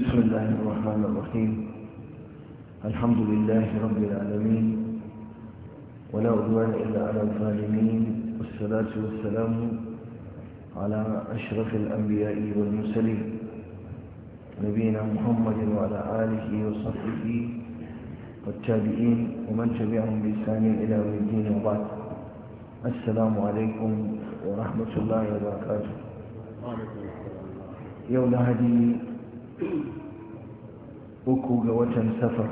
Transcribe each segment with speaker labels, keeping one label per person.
Speaker 1: بسم الله الرحمن الرحيم الحمد لله رب العالمين ولا عدوان إلا على الظالمين والصلاة والسلام على أشرف الأنبياء والمرسلين نبينا محمد وعلى آله وصحبه والتابعين ومن تبعهم بإحسان إلى يوم الدين وبعد السلام عليكم ورحمة الله وبركاته يوم هذه uku ga watan safar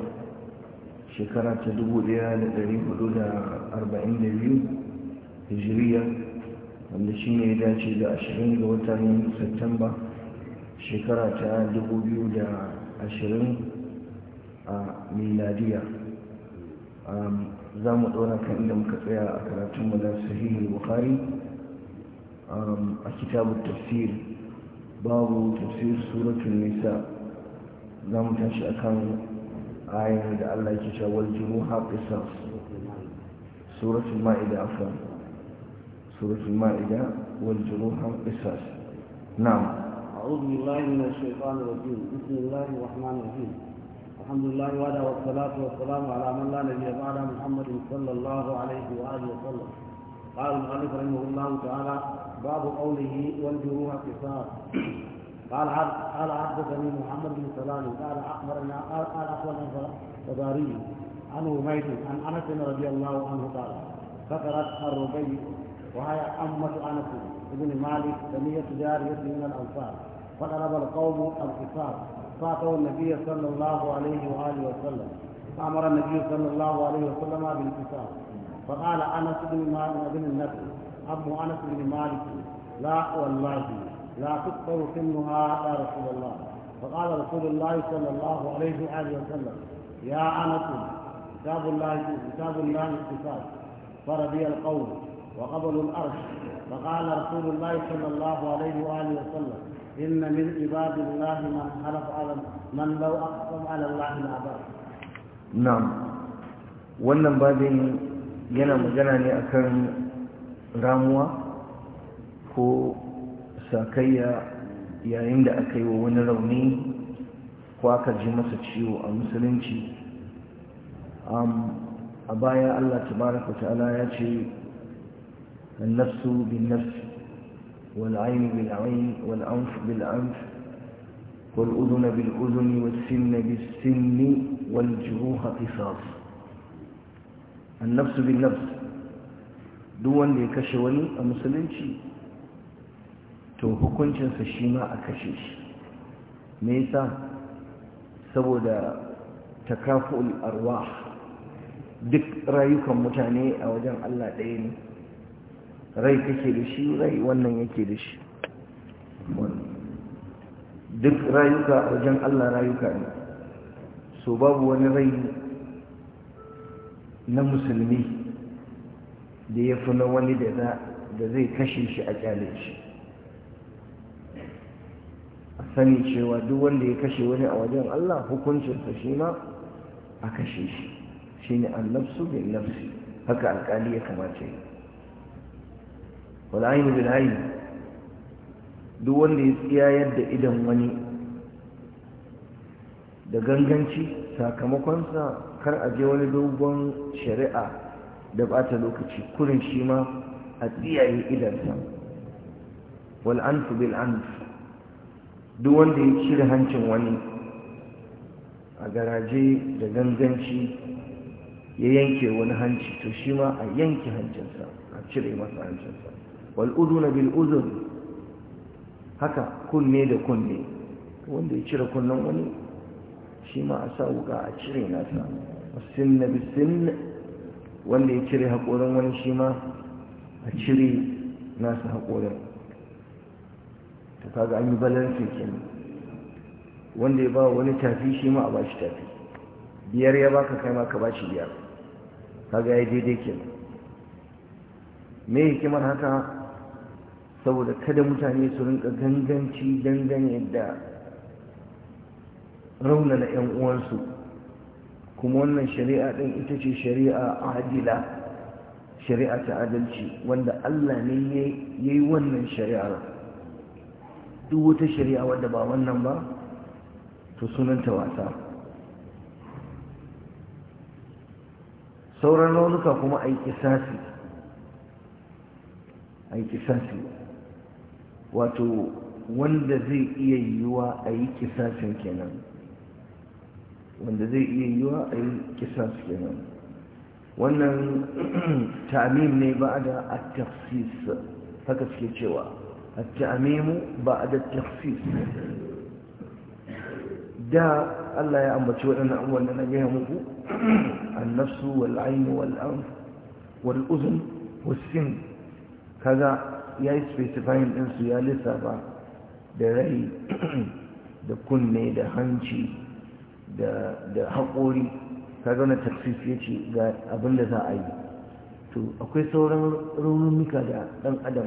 Speaker 1: shekara ta 1442 hijiriya wanda shi ne ya dace da 20 ga watan satamba shekara ta ashirin a miladiya za mu ɗora kan inda muka tsaya a karatun mu na sahihi bukari a kitabun tafsiri باب تفسير سورة النساء لم mu كان akan ayan da Allah قصص سورة المائدة عفوا سورة المائدة والجروح قصص نعم
Speaker 2: أعوذ بالله من الشيطان الرجيم بسم الله الرحمن الرحيم الحمد لله وعلى والصلاة والسلام على من لا نبي بعد محمد صلى الله عليه وآله وسلم قال المؤلف رحمه الله تعالى باب قوله والجروح قصاص قال عبد قال محمد بن سلام قال اخبرنا قال اخبرنا الفضاري عن عبيد عن انس رضي الله عنه قال ذكرت الربيع وهي امه انس بن مالك بنيه جاريه من الانصار فضرب القوم القصاص فاتوا النبي صلى الله عليه واله وسلم فامر النبي صلى الله عليه وسلم بالقصاص فقال انس بن مالك بن النبي أم أنس بن مالك لا والله لا تكثر سنها يا رسول الله فقال رسول الله صلى الله عليه وآله وسلم يا أنس كتاب الله كتاب الله الكتاب فرضي القول وقبل الأرش فقال رسول الله صلى الله عليه وآله وسلم إن من عباد الله من حلف على من لو أقسم على الله ما
Speaker 1: نعم وأن بعدين yana magana ne ramuwa ko sakayya yayin da aka yi wa wani rauni ko aka ji masa ciwo a musulunci a baya allah tabaraka ta'ala ya ce annafsu bin nafsi والعين بالعين والأنف بالأنف والأذن بالأذن والسن بالسن والجروح قصاص النفس بالنفس duk wanda ya kashe wani a musulunci to hukuncinsa shi ma a kashe shi me yasa saboda takaful arwah duk rayukan mutane a wajen Allah ɗaya ne rai kake da shi rai wannan yake da shi duk rayuka a wajen Allah rayuka ne so babu wani rai na musulmi da ya fi na wani da zai kashe shi a kyale shi a sani cewa duk wanda ya kashe wani a wajen Allah hukuncinsa shi ma a kashe shi shi ne nafsu bin nafsi haka alkali ya kamace yi. aini bil aini duk wanda ya tsiyayar yadda idan wani da ganganci sakamakonsa kar a je wani dogon shari'a da bata lokaci kurin shi ma a tsiyaye idansa wal anfu duk wanda ya cire hancin wani a garaje da ganganci ya yanke wani hanci to shi ma a yanke hancinsa a cire masa hancinsa Wal'udu na bil haka kunne da kunne wanda ya cire kunnen wani shi ma a sa wuka a cire nasa sinna bisinna wanda ya cire haƙorin wani shi ma a cire nasu haƙorin ta kaga an yi balansin kenan wanda ya ba wani tafi shi ma a ba shi tafi biyar ya baka kai ma ka ba shi biyar kaga ya daidai kenan me hikimar haka saboda kada mutane su rinka ganganci dangane da raunana 'yan uwansu kuma wannan shari'a ɗin ita ce shari'a adila shari'a ta adalci wanda Allah ne ya yi wannan shari'ar duk wata shari'a wadda ba wannan ba to sunanta wasa sauran raunuka kuma a yi kisasi a yi kisasi wato wanda zai iya yiwuwa a yi kisasin kenan wanda zai iya yiwa a yi su kenan wannan ta'amim ne ba da at-tafsis haka suke cewa at-ta'amimu ba da tafsis da Allah ya ambaci waɗannan abubuwan da na gaya muku an-nafsu wal ainu wal anf wal sin kaga yayi specifying din su ya lissafa da rai da kunne da hanci da haƙori ka wani taksis ya ce ga abin da za a yi to akwai sauran raunuka da ɗan adam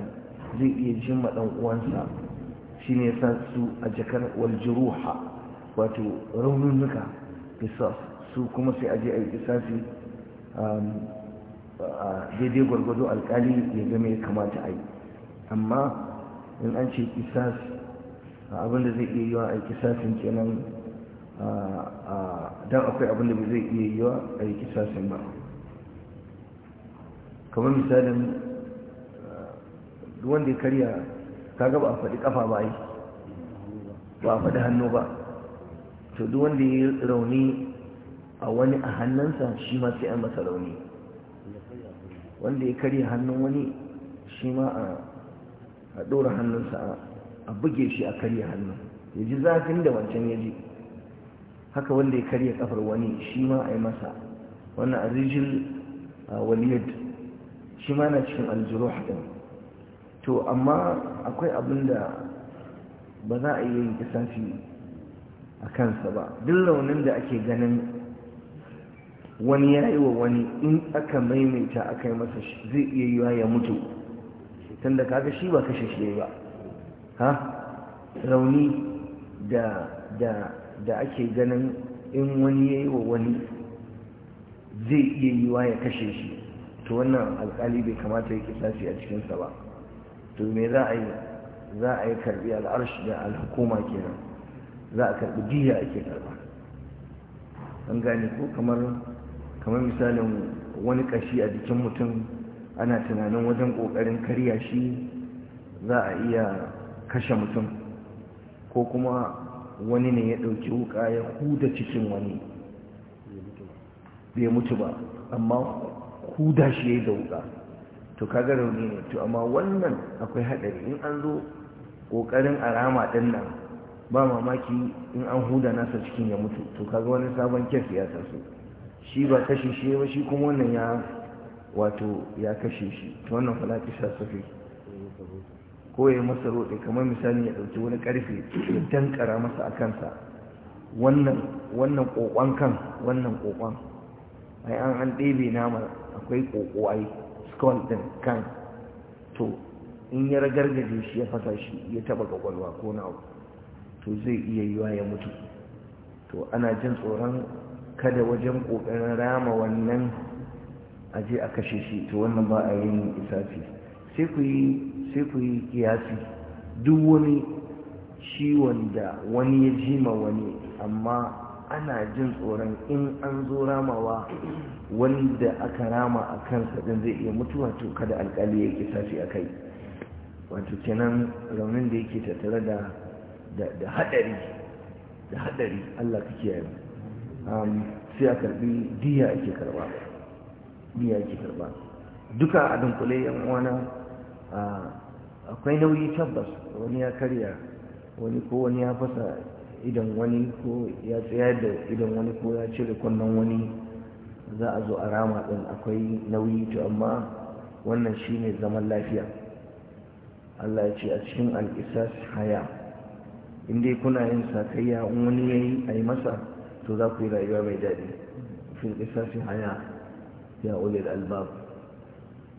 Speaker 1: zai iya jin ɗan uwansa shi ne ya su a jakar waljiruha wato raunuka kisas su kuma sai aje a yi kisasi um, daidai gwargwado alkali ya game ya kamata a yi amma in an ce kisas abin da zai iya yiwa wa a kisasin kenan don akwai abin da ba zai iya yiwa a yi kisasin ba kamar misalin eh, wanda ya karya kaga ba a faɗi ƙafa ba yi ba a faɗi hannu ba to duk wanda ya yi rauni a wani a hannunsa shi ma sai an masa rauni wanda ya karya hannun wani shi ma a ɗora hannunsa a buge shi a karya hannun ya ji zafin da wancan ya ji haka wanda ya karya kafar wani shi ma a yi masa wannan arijin waliyad shi ma na cikin aljuruh haɗin to amma akwai abin da ba za a yi kisafi a kansa ba duk launin da ake ganin wani ya yi wa wani in aka maimaita aka yi masa zai iya yiwa ya mutu tun da kaga shi ba kashe shi ba ha rauni da da da ake ganin in wani ya yi wa wani zai iya yi wa ya kashe shi to wannan alkali bai kamata ya kisasi a cikinsa ba to me za a yi za a yi karbi al'arshi da al'hukuma kenan za a karbi jiya ake karba an gane ko kamar kamar misalin wani kashi a jikin mutum ana tunanin wajen kokarin karya shi za a iya kashe mutum ko kuma wani ne ya ɗauki wuka ya huda cikin wani bai mutu ba amma huda shi ya yi da wuka to kaga rauni ne to amma wannan akwai haɗari in an zo ƙoƙarin arama ɗin nan ba mamaki in an huda nasa cikin ya mutu to kaga wani sabon kyas ya taso shi ba kashe shi ba shi kuma wannan ya wato ya kashe shi to wannan falaki sa sufi ko ya masa roɗe kamar misali ya ɗauki wani ƙarfe ya tankara masa a kansa wannan ƙoƙon kan wannan ƙoƙon ai an an ɗebe nama akwai ƙoƙo ai skull ɗin kan to in ya ragargaje shi ya fasa shi ya taɓa ƙwaƙwalwa ko na to zai iya yiwa ya mutu to ana jin tsoron kada wajen ƙoƙarin rama wannan aje a kashe shi to wannan ba a yin isafi sai ku yi sai ku yi kiyasi duk wani ciwon da wani ya jima wani amma ana jin tsoron in an zo ramawa wanda aka rama a kansa din zai iya mutuwa to kada alkali ya shi a kai wato kenan raunin da yake tattare da haɗari, hadari da hadari Allah ka kiyaye sai a karbi diya ake karba duka a dunkule yan uwana akwai nauyi tabbas wani ya karya wani ko wani ya fasa idan wani ko ya tsaya da idan wani ko ya cire kunnen wani za a zo a rama din akwai nauyi to amma wannan shine zaman lafiya Allah ya ce a cikin al'isas haya Inda kuna yin sakayya in wani ya yi a yi masa to za ku yi rayuwa mai daɗi fil isasi haya ya ulil albab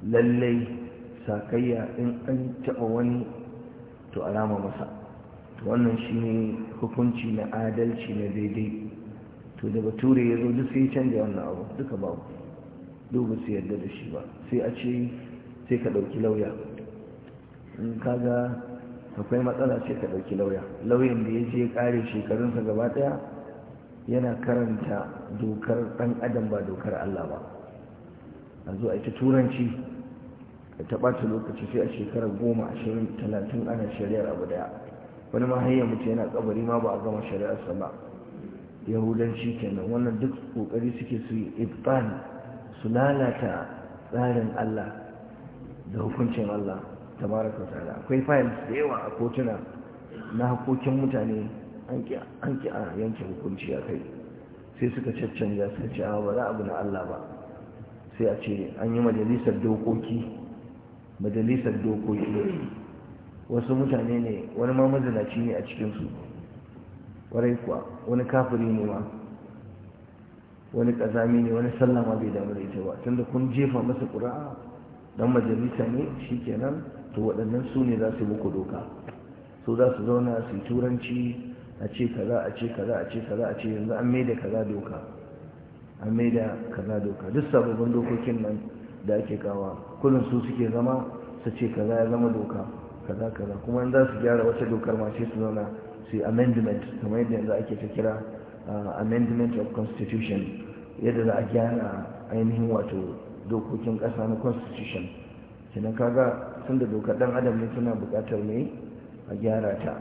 Speaker 1: lallai sakayya in an taɓa wani to alama masa wannan shi ne hukunci na adalci na daidai to da bature ya zo duk sai canja wannan abu duka babu duk ba su yarda da shi ba sai a ce sai ka ɗauki lauya in kaga akwai matsala sai ka ɗauki lauya lauyan da ya je ƙare shekarunsa gaba ɗaya yana karanta dokar ɗan adam ba dokar Allah ba a zo a ita turanci da ta ɓata lokaci sai a shekarar goma ashirin talatin ana shari'ar abu daya wani ma hanyar mutu yana kabari ma ba a gama shari'arsa ba yahudanci kenan wannan duk kokari suke su yi ibban su lalata tsarin Allah da hukuncin Allah ta tabaraka da akwai fayil da yawa a kotuna na hakokin mutane an ki a yanke hukunci a kai sai suka caccanja suka ce a ba za a na Allah ba sai a ce an yi majalisar dokoki majalisar dokoki wasu mutane ne wani ma mazinaci ne a cikinsu warai kuwa wani kafiri ne ma wani kazami ne wani sallama bai damu da ita ba tunda kun jefa masa ƙura'a don majalisa ne shi kenan to waɗannan su ne za su muku doka su za su zauna su yi turanci a ce kaza a ce kaza a ce kaza a ce yanzu an maida kaza doka an maida kaza doka duk sababbin dokokin nan da ake kawa kullum su suke zama su ce kaza ya zama doka kaza kaza kuma in za su gyara wata dokar ma sai su zauna su yi amendment kamar yadda yanzu ake ta kira ah, amendment of constitution yadda za a gyara ainihin wato dokokin kasa na constitution kenan kaga sun da dokar dan adam ne suna buƙatar ne a gyara ta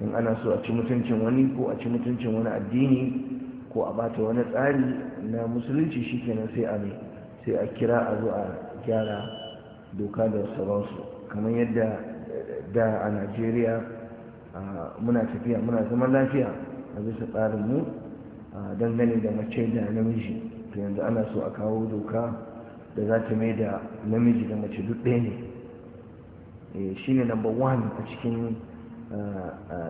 Speaker 1: in ana so a ci mutuncin wani ko a ci mutuncin wani addini ko a bata wani tsari na musulunci shi kenan sai a mai sai a kira a zo a gyara doka da sauransu kamar yadda da a najeriya muna tafiya muna zaman lafiya a bisa tsarinmu dangane da mace da namiji to yanzu ana so a kawo doka da za ta mai da namiji da mace duk ɗaya ne eh, shi ne number one a cikin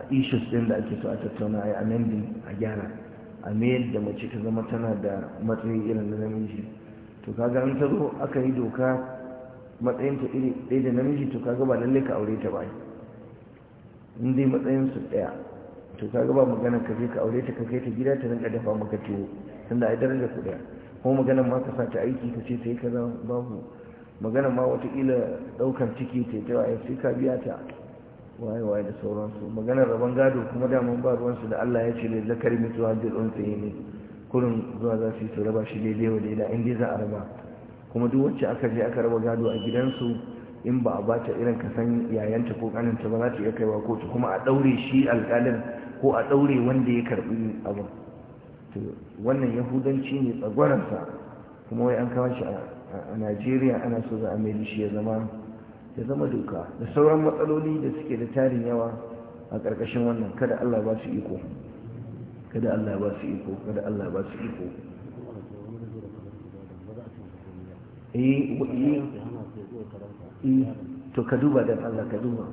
Speaker 1: issues ɗin da ake so a tattauna a amending a gyara a mayar da mace ta zama tana da matsayi irin na namiji to kaga an ta zo aka yi doka matsayin ta iri ɗaya da namiji to kaga ba lalle ka aure ta ba in dai matsayin su ɗaya to kaga ba magana ka je ka aure ta ka kai ta gida ta rinka dafa maka tuwo tunda ai daraja ku ɗaya ko magana ma ka sa ta aiki ka ce sai kaza babu magana ma wataƙila ɗaukar ciki ta ta waye sai ka biya ta waye waye da sauransu maganar rabon gado kuma daman ba ruwansu da Allah ya ce ne zakari mutuwa bil tsaye ne kurin zuwa za su yi su raba shi daidai wa daidai inda za a raba kuma duk wacce aka je aka raba gado a gidansu in ba a bata irin kasan yayanta ko kaninta ba za ta iya kaiwa kotu kuma a daure shi alƙalin ko a daure wanda ya karɓi abin to wannan yahudanci ne tsagwaransa kuma wai an kawo shi a najeriya ana so za a mai shi ya zama ya zama doka da sauran matsaloli da suke da tarin yawa a ƙarƙashin wannan kada allah ba su iko kada Allah ba su iko kada Allah ba su iko
Speaker 2: eh, eh, eh to ka duba dan Allah ka duba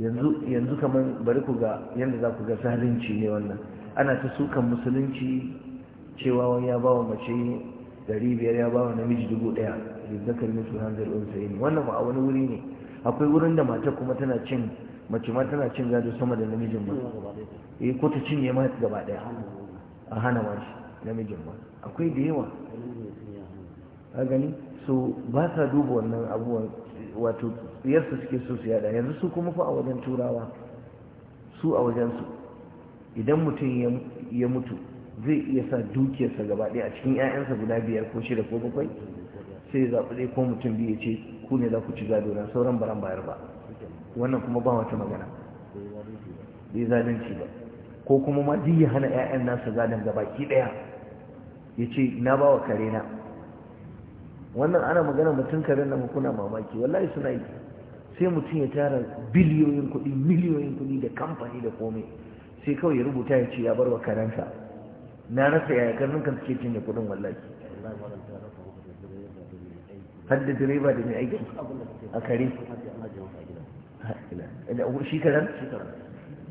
Speaker 2: yanzu yanzu kaman bari ku ga
Speaker 1: yanda za ku ga zalunci ne wannan ana ta sukan musulunci cewa wani ya bawa mace dari biyar ya bawa namiji dubu ɗaya da zakar musu hanzar unsayi wannan ba a wani wuri ne akwai wurin da mata kuma tana cin mace ma tana cin gado sama da namijin ba eh ko ta cinye ma gaba daya a hana ma shi namijin ba akwai da yawa a gani so ba sa duba wannan abubuwan wato tsiyarsa suke so su yada yanzu su kuma fa a wajen turawa su a wajen su idan mutum ya mutu zai iya sa dukiyarsa gaba ɗaya a cikin 'ya'yansa guda biyar ko shida ko bakwai sai ya zaɓi ko mutum biyu ya ce ku ne za ku ci gado na sauran baran bayar ba wannan kuma ba wata magana bai zalunci ba ko kuma ma ya hana 'ya'yan nasa gadon baki ɗaya ya ce na ba wa kare na wannan ana magana mutum kare na kuna mamaki wallahi suna yi sai mutum ya tara biliyoyin kuɗi miliyoyin kuɗi da kamfani da komai sai kawai ya rubuta ya ce ya bar wa karensa na rasa yaya karnin kan suke cinye
Speaker 2: kuɗin wallahi har da direba da mai aiki a kare
Speaker 1: shi kadan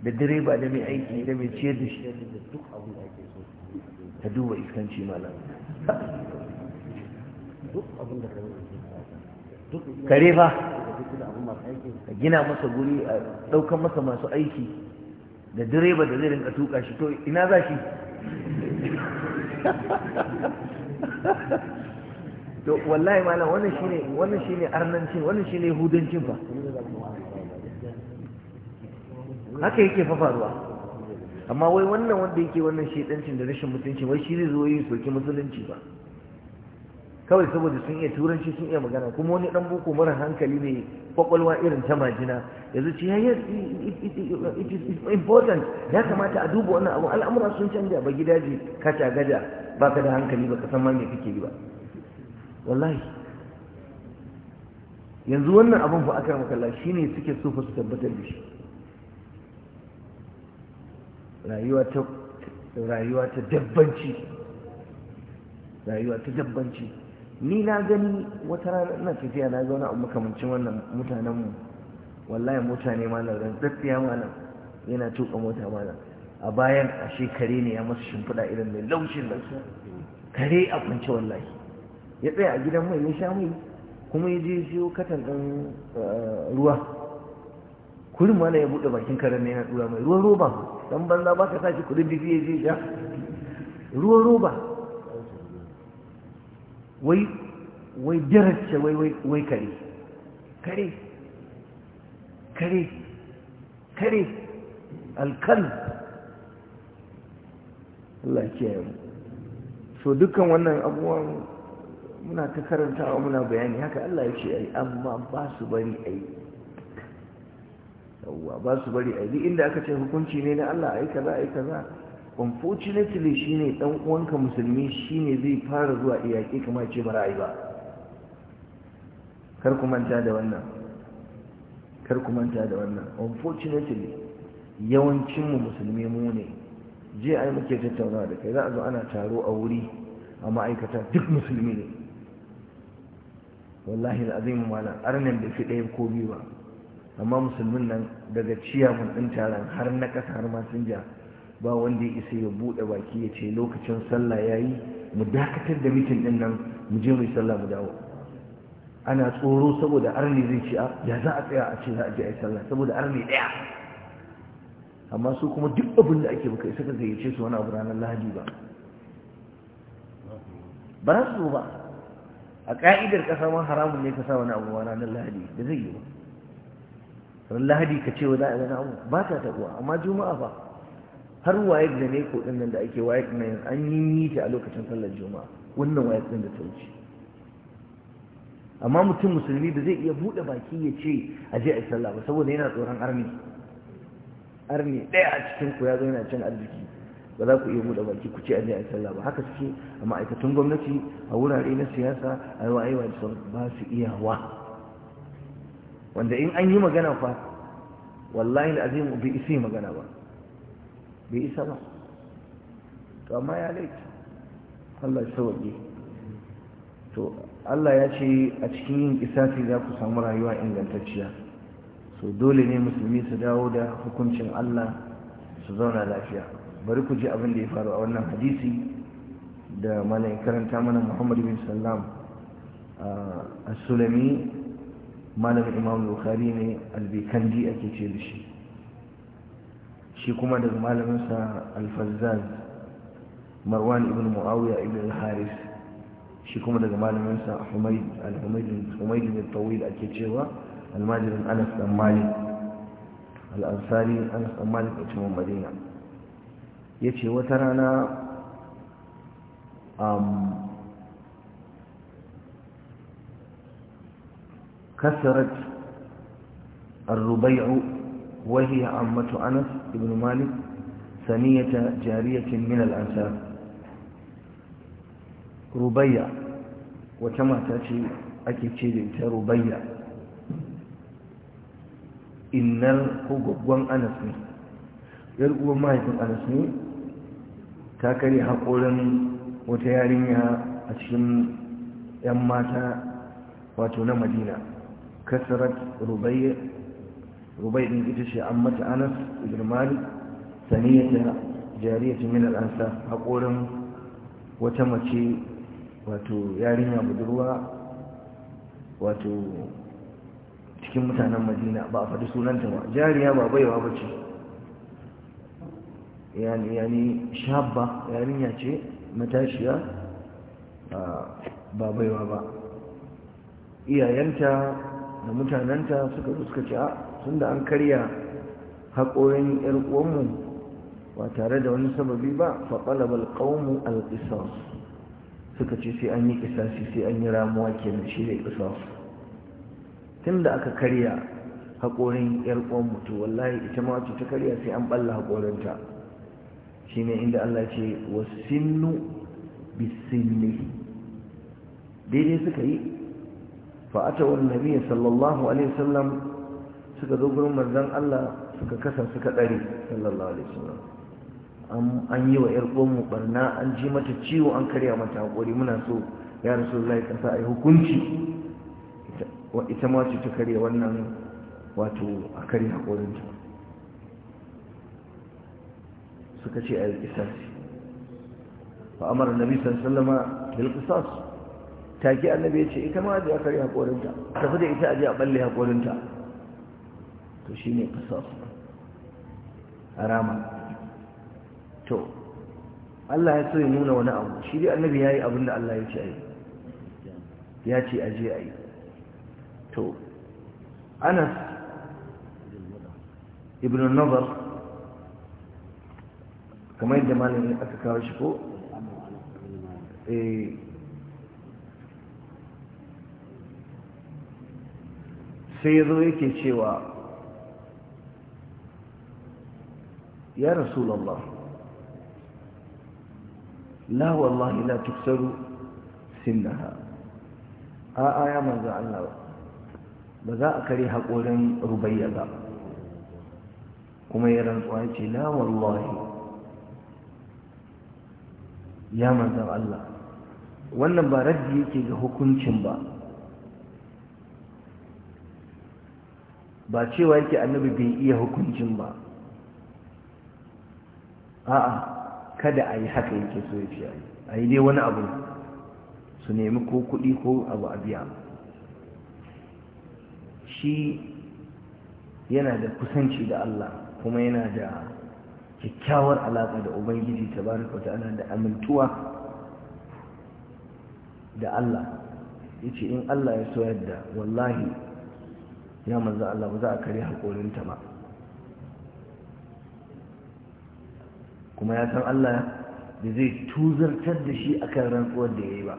Speaker 1: da direba da mai aiki da mai ciyar da shi ta duba iskanci malam kare ba a gina masa guri a ɗaukan masa masu aiki da direba da zai rinka tuka shi to ina za shi to wallahi malam wannan shine wannan shine arnancin wannan shine hudancin fa
Speaker 2: haka yake fa faruwa
Speaker 1: amma wai wannan wanda yake wannan shedancin da rashin mutunci wai shi zai zo yi soki musulunci ba kawai saboda sun iya turanci sun iya magana kuma wani dan boko mara hankali ne kwakwalwa irin ta majina yanzu ce yayi it is important ya kamata a duba wannan abu al'amura sun canja ba gidaje ka ta gada ba ka da hankali ba ka san ma kake yi ba wallahi yanzu wannan abun fa aka maka Allah shine suke so fa su tabbatar da shi rayuwa ta dabbanci rayuwa ta dabbanci ni na gani wata rana ina tafiya na zauna a makamancin wannan mutanenmu wallahi mota ne malam ran tsatsiya malam yana tuka mota malam a bayan ashe kare ne ya masa shimfiɗa irin mai laushin da kare a kwance wallahi ya tsaya a gidan mai ya sha mai kuma ya je siyo katan ɗin eh, ruwa kurin malam ya buɗe bakin karen ne yana ɗura mai ruwan roba dan banza ba ka sa shi kudin bifi ya je ja ruwa roba wai wai ce wai wai kare kare kare kare alkal Allah ke mu so dukkan wannan abubuwan muna ta wa muna bayani haka Allah ya ce amma ba su bari ai yawwa ba su bari a yi inda aka ce hukunci ne na Allah ai kaza ai kaza unfortunately shine dan uwanka musulmi shine zai fara zuwa iyaki kamar ce ba ra'ayi ba kar ku manta da wannan kar ku manta da wannan unfortunately yawancin mu musulmi mu ne je ai muke tattaunawa da kai za a zo ana taro a wuri a ma'aikata duk musulmi ne wallahi al'azim malam arnan da fi ɗaya ko biyu ba amma musulmin nan daga mun ɗin taron har na ƙasa har masinja ba wanda ya isa ya buɗe baki ya ce lokacin sallah ya yi mu dakatar da mitin ɗin nan mu je mu yi sallah mu dawo ana tsoro saboda arni zai ce ah, ya za a tsaya a ce za a je a yi sallah saboda arni ɗaya amma su kuma duk abin da ake baka isa ka gayyace su wani abu ranar lahadi ba ba za su ba a ka'idar ƙasa ma haramun ne ka sa wani abu ranar lahadi da zai yi ba ran lahadi ka ce za a gana abu ba ta taɓuwa amma juma'a ba har waye da ne ko ɗin nan da ake waye ɗin nan an yi yi ta a lokacin sallar juma'a wannan waye ɗin da ta wuce amma mutum musulmi da zai iya buɗe baki ya ce a je a yi sallah ba saboda yana tsoron arni
Speaker 2: arni ɗaya a
Speaker 1: cikin ku ya zo yana cin arziki ba za ku iya buɗe baki ku ce a je a sallah ba haka suke a ma'aikatan gwamnati a wurare na siyasa a yi wa'ayi wa ba su iyawa wanda in an yi magana fa wallahi al'azim bai isi magana ba bai isa ba to amma ya laifi Allah ya sauke to Allah ya ce a cikin yin kisafi za ku samu rayuwa ingantacciya so dole ne musulmi su dawo da hukuncin Allah su zauna lafiya bari ku ji abin da ya faru a wannan hadisi da malayin karanta mana Muhammad bin Sallam a ah, Sulami malamin imam bukhari ne albikandi ake ce da shi shi kuma daga malaminsa alfazzaz marwan ibn muawiya ibn haris shi kuma daga malaminsa humaydin al-tawil ake cewa almajirin anas dan malik al'ansari anas dan malik a cikin madina ya ce wata rana um, كسرت الربيع وهي عمة أنس بن مالك ثنية جارية من الأنساب ربيع وكما تأتي أكيد ربيع innar ko gwaggon anas ne yar uwan mahaifin anas ne ta karya haƙorin wata yarinya a cikin 'yan mata wato na madina kasarat rubai rubai ita ce an mata anas ibn malik saniyata jariyatu min al haƙorin wata yarinya budurwa cikin mutanen madina ba a faɗi sunanta ba jariya ba baiwa ba ce yani shabba yarinya ce matashiya ba baiwa ba iyayenta da mutanenta suka suka ce a ah, tun da an karya haƙorin ‘yar uwanmu ba tare da wani sababi ba faɓalabar ƙaunin alƙisas suka ce sai an yi ƙisasi sai an yi ramuwa ke da shi da tun da aka karya haƙorin ‘yar uwanmu to wallahi ita ma ta karya sai an ɓalla haƙorinta shi ne inda Allah ce wasu sinu bisinni daidai suka yi فأتوا النبي صلى الله عليه وسلم suka zo gurin manzon Allah suka kasa suka dare sallallahu alaihi wasallam an yi wa yar mu barna an ji mata ciwo an karya mata hakuri muna so ya rasulullahi kasa yi hukunci ita ma ce ta karya wannan wato a karya haƙorinta. suka ce a yi fa Fa'amar nabi sallallahu alaihi wasallam bil take annabi ya ce ita ma ajiya kare haƙorinta tafi da ita a balle haƙorinta to shi ne kasasu harama to Allah ya so ya nuna wani abu shi dai annabi ya yi abin da Allah ya ce a yi ya ce aje a yi to anas ibn nazar kamar yadda malamin aka kawo shi ko eh, sai ya zo yake cewa ya rasulallah la wallahi la tuksaru sinnaha a aya manzo Allah ba za a kare haƙorin rubayya ba kuma ya rantsuwa ya ce la wallahi ya manzo Allah wannan ba raddi yake ga hukuncin ba ba cewa yake annabi bai iya hukuncin ba a'a kada a yi haka yake so ya ce a yi dai wani abu su nemi ko kuɗi ko abu a biya shi yana da kusanci da Allah kuma yana da kyakkyawar alaƙa da ubangiji ta tabaraka ta'ala da amintuwa da Allah Ya ce in Allah ya so yadda wallahi ya manzo Allah ba za a kare haƙorinta ba kuma ya san Allah da zai tuzartar da shi akan rantsuwar da ya yi ba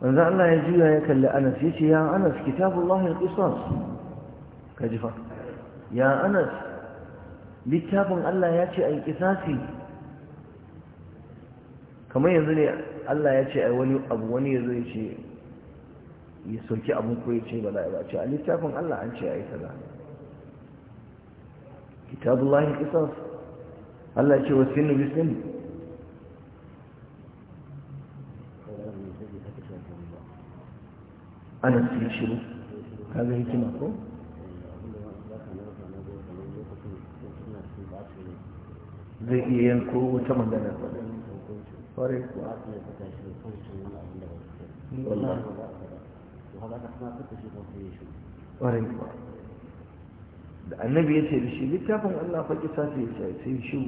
Speaker 1: manzo Allah ya juya ya kalli Anas ya ce ya Anas kitabullahi al-qisas ka jifa. fa ya Anas littafin Allah ya ce ai yi. kamar yanzu ne Allah ya ce ai wani abu wani yazo ya ce ya sauki abin ko ya ce ba za ba ce a littafin Allah an ce ya ayi kaza kitabullahi kisas Allah ce wasinu bisin ana su yi shiru kaga hikima ko
Speaker 2: zai iya yanko wata magana kwarai kuwa هذا أنا أسمع كنت
Speaker 1: شيء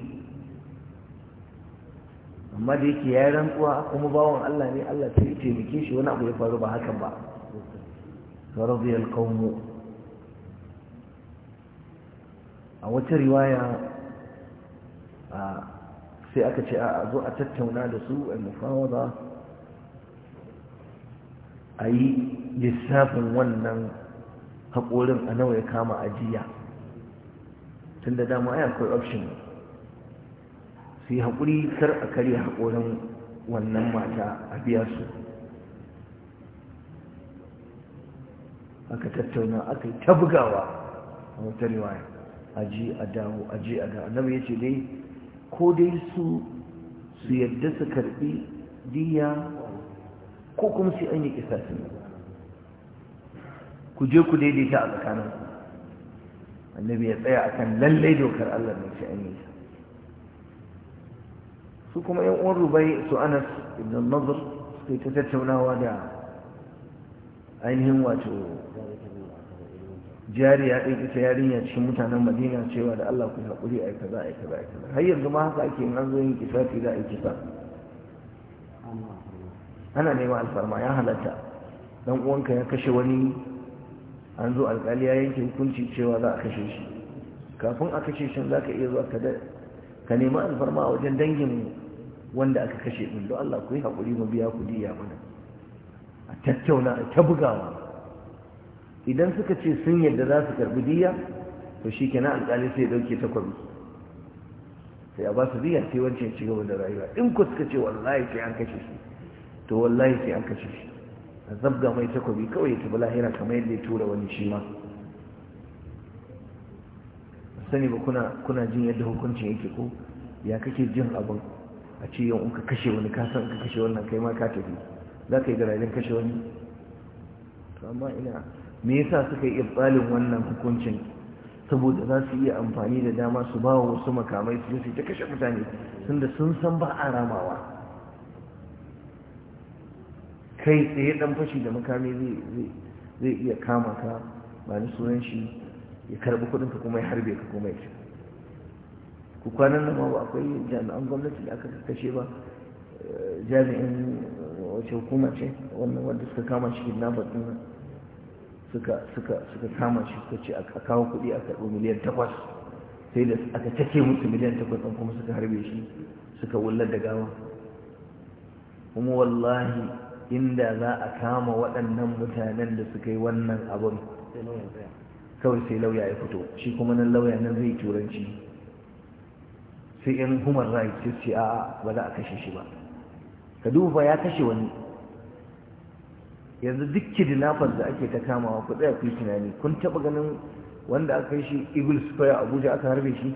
Speaker 1: amma da yake ya rantsuwa kuma bawan Allah ne Allah ta yi taimake shi wani abu ya faru ba hakan ba wa radiyal qawmu a wata riwaya sai aka ce a zo a tattauna da su al-mufawada ayi lissafin wannan haƙorin a nawa ya kama ajiya tun da dama ai akwai option su yi haƙuri kar a karya haƙorin wannan mata a biya su aka tattauna aka yi ta bugawa a wata riwaya aji a dawo aji a dawo annabi ya ce dai ko dai su su yadda su karɓi diya ko kuma sai an yi ne. ku je ku daidaita a tsakaninku annabi ya tsaya akan lallai dokar Allah ne shi an yi su kuma yan uwan rubai su anas ibn nazar suka ta tattaunawa da ainihin wato jariya ɗin ita yarinya cikin mutanen madina cewa da allah ku haƙuri a kaza a kaza a kaza har yanzu ma haka ake yin zo yin kisa za a yi kisa ana neman alfarma ya halatta dan uwanka ya kashe wani an zo alkali ya yanke hukunci cewa za a kashe shi kafin a kashe shi za ka iya zuwa ka ka nema alfarma a wajen dangin wanda aka kashe ɗin don Allah ku yi haƙuri mu biya ku diya mana a tattauna a ta bugawa idan suka ce sun yadda za su karbi diya to shi kenan alkali sai ya ɗauke takwabi sai a ba su diya sai wancan ci gaba da rayuwa in ku suka ce wallahi sai an kashe shi to wallahi sai an kashe shi ka zabga mai takobi kawai ya lahira kamar yadda ya tura wani shi ma sani ba kuna jin yadda hukuncin yake ko ya kake jin abin a ce yau kashe wani ka san ka kashe wannan kai ma ka tafi za ka yi garajen kashe wani to amma ina me yasa suka yi ibbalin wannan hukuncin saboda za su iya amfani da dama su ba wa wasu makamai su yi ta kashe mutane tunda sun san ba a ramawa kai tsaye dan fashi da makami zai iya kama ka ba ni sunan shi ya karbi kudin ka kuma ya harbe ka kuma ya ci ku kwanan nan ma ba akwai jami'an gwamnati da aka kashe ba eh, jami'in eh, wace hukuma ce wannan wanda suka kama shi na batun suka suka suka kama shi suka ce a kawo kuɗi a karɓi miliyan takwas sai da aka cake musu miliyan takwas ɗin kuma suka harbe shi suka wullar da gawa kuma wallahi inda za a kama waɗannan mutanen da suka yi wannan abin kawai sai lauya ya fito shi kuma nan lauya nan zai turanci sai yan human rights sai ce a ba za a kashe shi ba ka duba ya kashe wani yanzu duk kidnappers da ake ta kamawa ku tsaya ku tunani kun taɓa ganin wanda aka yi shi eagle square abuja aka harbe shi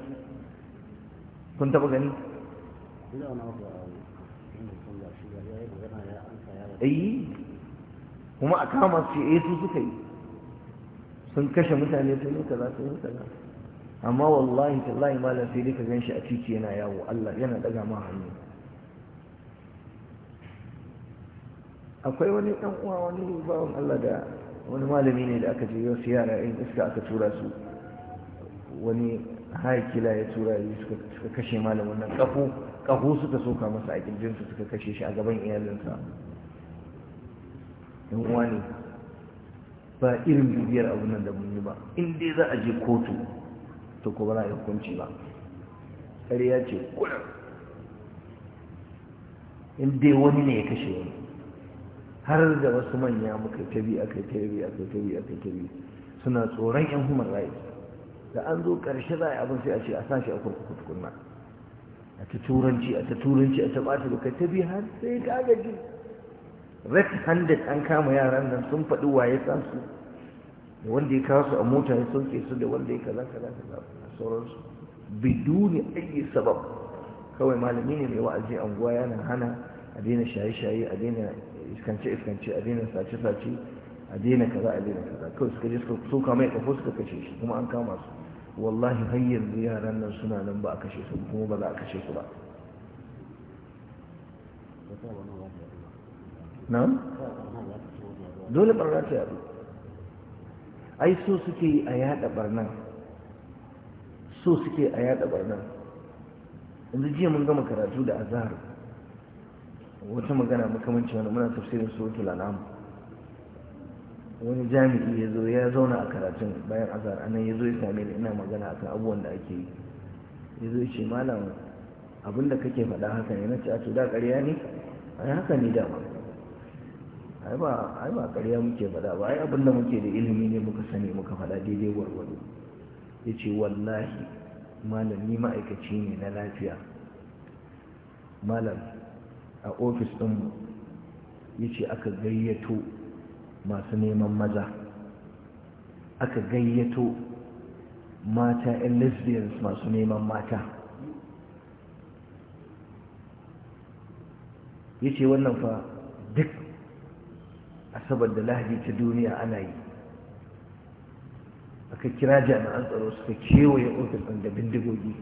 Speaker 1: kun taɓa gani ayi eh, kuma a kama su eh su suka yi sun kashe mutane sun yi kaza sun yi kaza amma wallahi tallahi malam sai duka ganshi gan shi a titi yana yawo Allah yana daga ma hannu akwai wani dan uwa wani bawon Allah da wani malami ne da aka je wasu yara in iska aka tura su wani haikila ya tura yi suka kashe malamin nan kafu suka soka masa a kirjinsu suka kashe shi a gaban iyalinsa yan uwa ne ba irin bibiyar abun nan da mun yi ba in dai za a je kotu to ko ba za a yi hukunci ba ƙarya ce kuɗin in dai wani ne ya kashe wani har da wasu manya muka tabi aka tabi aka tabi aka tabi suna tsoron yan human rights da an zo karshe za a yi abin sai a ce a sashi a kurkuku tukunna a ta turanci a ta turanci a ta ɓata da ka tabi har sai ka gaji red handed an kama yaran nan sun faɗi waye san su da wanda ya kawo su a mota ya sauke su da wanda ya kaza kaza kaza sauran su biduni ayi sabab kawai malami ne mai wa'azi anguwa yana hana a daina shaye-shaye a daina iskance-iskance a daina sace-sace a daina kaza a daina kaza kawai suka je suka kama ya kafo suka kashe shi kuma an kama su wallahi har yanzu yaran nan suna nan ba a kashe su kuma ba za a kashe su ba
Speaker 2: nan dole barna ta yadu
Speaker 1: ai so suke a yada barnan so suke a yada barnan yanzu jiya mun gama karatu da azhar wata magana makamanci wani muna tafsirin suratul anam wani jami'i ya zo ya zauna a karatun bayan azhar anan ya zo ya same ni ina magana akan abubuwan da ake yi ya zo ya ce malam abinda kake faɗa haka ne na ce a to da ƙarya ne a haka ne dama ai ba ƙarya muke faɗa ba ai abin muke da ilimi ne muka sani muka faɗa daidai warware. Ya ce wallahi malami ma'aikaci ne na lafiya malam a ofis ɗinmu ce aka gayyato masu neman maza aka gayyato mata 'yan lesbians masu neman mata ya ce wannan fa duk saboda da lahadi ta duniya ana yi aka kira jami'an tsaro suka kewaye ofis ɗin da bindigogi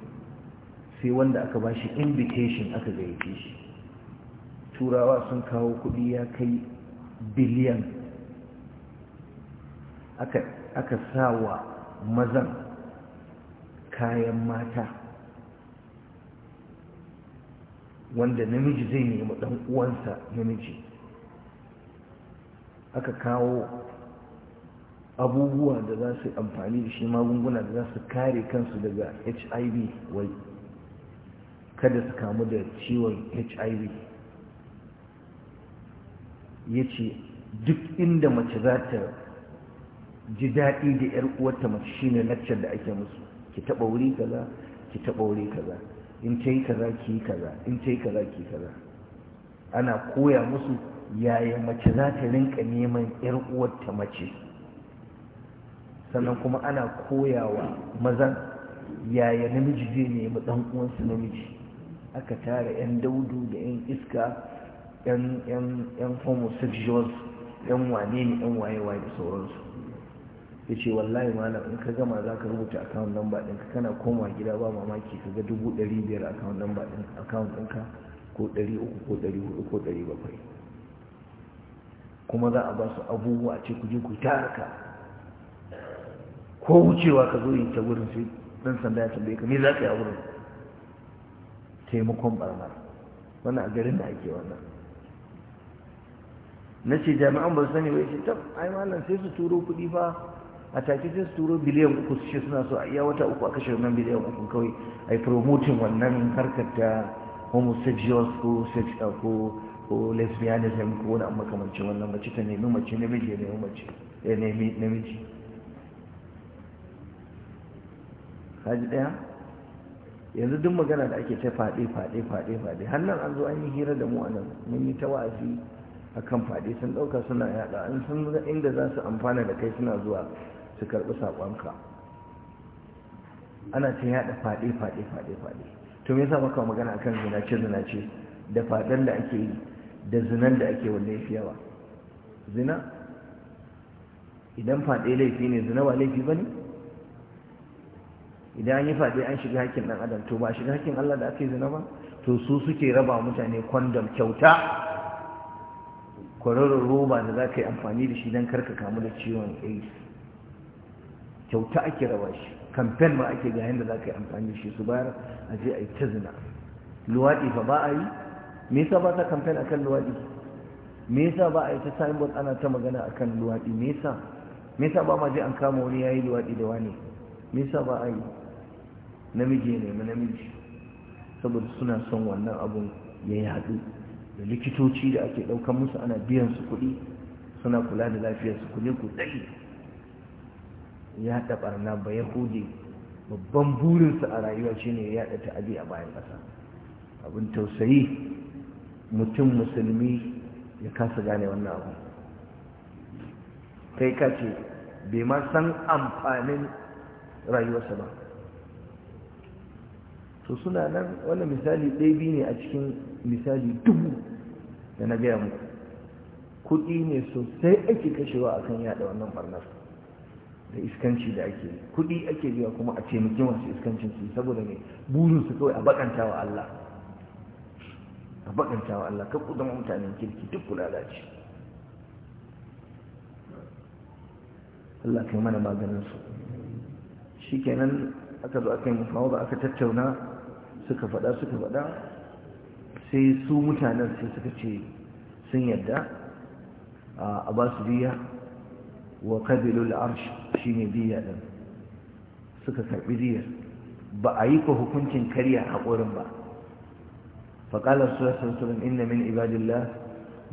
Speaker 1: sai wanda aka ba shi invitation aka gayyace shi turawa sun kawo kuɗi ya kai biliyan aka sa wa mazan kayan mata wanda namiji zai nemi ɗan uwansa namiji aka kawo abubuwa da za su amfani da shi magunguna da za su kare kansu daga hiv wai kada su kamu da ciwon hiv ya ce duk inda mace za ta ji daɗi da 'yar uwarta mace shine laccar da ake musu ki taɓa wuri kaza ki taɓa wuri kaza in ta yi kaza ki yi kaza in ta yi kaza ki kaza ana koya musu yaya mace za ta rinka neman 'yar uwarta mace sannan kuma ana koyawa mazan yaya namiji zai nemi ɗan uwansu namiji aka tara 'yan daudu da 'yan iska 'yan homosexuals 'yan wane ne 'yan waye-waye da sauransu ya ce wallahi malam in ka gama za ka rubuta akawun lamba ɗinka kana koma gida ba mamaki ka ga dubu ɗari biyar akawun lamba ɗinka ko ɗari uku ko ɗari hudu ko ɗari bakwai kuma za a ba su abubuwa ce ku je ku yi taraka ko wucewa ka zo yin ta wurin sai dan sanda ya tambaye ka me za ka yi a wurin taimakon barna wannan a garin da ake wannan na ce jami'an ba su sani wai ce tab ai malam sai su turo kuɗi fa a take sai su turo biliyan uku su ce suna so a iya wata uku a kashe wannan biliyan uku kawai a yi promoting wannan harkar ta homosexuals ko sex ko ko lesbianism ko wani an makamanci wannan mace ta nemi mace namiji ya nemi mace ya nemi namiji haji daya yanzu duk magana da ake ta faɗe faɗe faɗe faɗe hannan an zo an yi hira da mu a nan mun yi ta wa'azi a kan faɗe sun ɗauka suna yaɗa an san inda za su amfana da kai suna zuwa su karɓi saƙonka ana ta yaɗa faɗe faɗe faɗe faɗe to me yasa maka magana akan zinace zinace da faɗen da ake yi da zinan da ake wannan fi yawa zina idan faɗe laifi ne zina ba laifi ba ne idan an yi faɗe an shiga hakkin ɗan adam to ba shiga hakkin Allah da ake zina ba to su suke raba mutane kwandam kyauta kwararar roba da za ka yi amfani da shi don karka kamu da ciwon aids kyauta ake raba shi kamfen ma ake ga yadda za ka yi amfani da shi su bayar a je a yi ta zina luwaɗi fa ba a yi me yasa ba ta kamfen akan luwaɗi me yasa ba a yi ta signboard ana ta magana akan luwaɗi me yasa me yasa ba ma je an kama wani yayi luwaɗi da wani me yasa ba a yi namiji ne mu namiji saboda suna son wannan abun ya yi haɗu da likitoci da ake ɗaukar musu ana biyan su kuɗi suna kula da lafiyar su kuɗi ku tsaye ya ɓarna ba ya hude babban burinsa a rayuwa shine ya yaɗa ta'adi a bayan ƙasa abin tausayi mutum musulmi ya kasa gane wannan abu kai ka ce bai ma san amfanin rayuwarsa ba to suna nan wannan misali ɗaya ne a cikin misali dubu da na gaya muku kuɗi ne sosai ake kashewa a kan yaɗa wannan ɓarnar da iskanci da ake kuɗi ake biya kuma a taimaki masu iskancin su saboda ne burinsu kawai a wa Allah ka bakanta wa Allah ka zama mutanen kirki duk da shi Allah kai mana maganin su shikenan aka zo aka yi mufawada aka tattauna suka faɗa suka faɗa sai su mutanen sai suka ce sun yadda a ba su biya wa kabilul arsh shine biya din suka karbi diyar ba a yi ko hukuncin karya haƙorin ba فقال رسول الله صلى الله عليه وسلم إن من عباد الله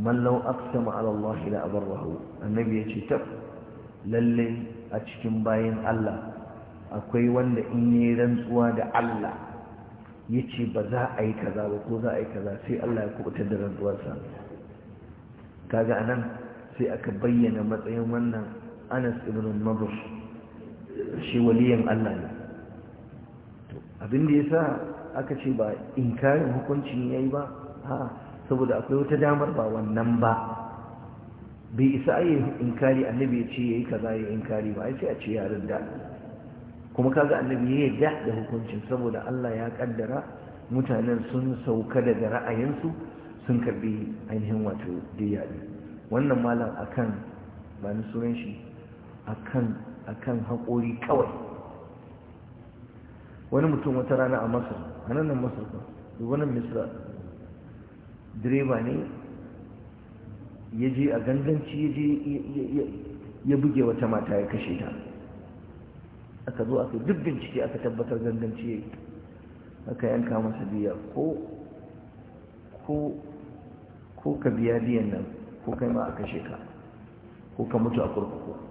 Speaker 1: من لو أقسم على الله لا أبره النبي يتف للي أتشكم باين الله أكوي وند إني رنسوا دع الله يتي بزا أي كذا وكوزا أي كذا سي الله يكو تدرن دواسا كاجا أنا سي أكبين مطعيم ونن أنس ابن النضر shi waliyan Allah ne abin da ya sa aka ce ba inkarin hukuncin yi ba a saboda akwai wata damar ba wannan ba bai isa in inkari annabi ya ce ya yayi kaza in inkari ba ai ce a ce ya rinda kuma kaga annabi ya yarda da hukuncin saboda Allah ya kaddara mutanen sun sauka daga ra'ayinsu sun karbi ainihin wato diya wannan malam akan ba ni sunan shi akan akan haƙori kawai wani mutum wata rana a masar a nan masar duba nan misra direba ne ya je a ganganci ya je ya buge wata mata ya kashe ta aka zo aka duk bincike aka tabbatar ganganci ya aka yanka masa biya ko ko ko ka biya biyan nan ko kai ma a kashe ka ko ka mutu a kurkuku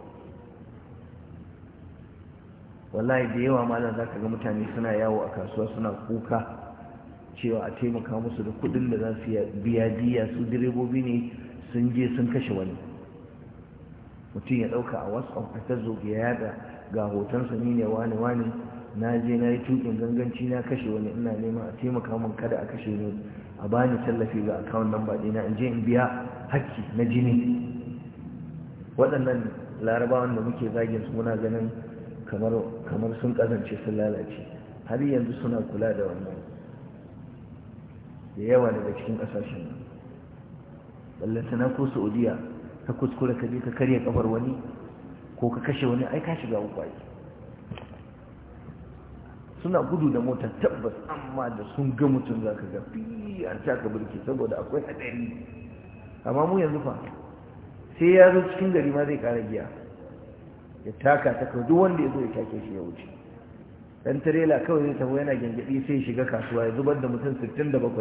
Speaker 1: wallahi da yawa malam zaka ga mutane suna yawo a kasuwa suna kuka cewa a taimaka musu da kuɗin da za su biya diya su direbobi ne sun je sun kashe wani mutum ya ɗauka a wasu a zobe ya yada ga hotonsa sa ne wani wani na je na yi tukin ganganci na kashe wani ina neman a taimaka min kada a kashe ni a bani tallafi ga akawun lamba ɗina in je in biya hakki na jini waɗannan larabawan da muke zagin su muna ganin kamar sun kasance sun lalace har yanzu suna kula da wannan da yawa daga cikin kasashen na ko saudiya ka kuskura ka je ka karya kafar wani ko ka kashe wani ai ka shiga ukwai suna gudu da mota tabbas amma da sun ga mutum za ka ga fi an taka burki saboda akwai hadari amma mu yanzu fa sai ya zo cikin gari ma zai kara giya ya taka ta kawai duk wanda ya zo ya take shi ya wuce dan tirela kawai zai tafi yana gyangyaɗi sai ya shiga kasuwa ya zubar da mutum 67 duk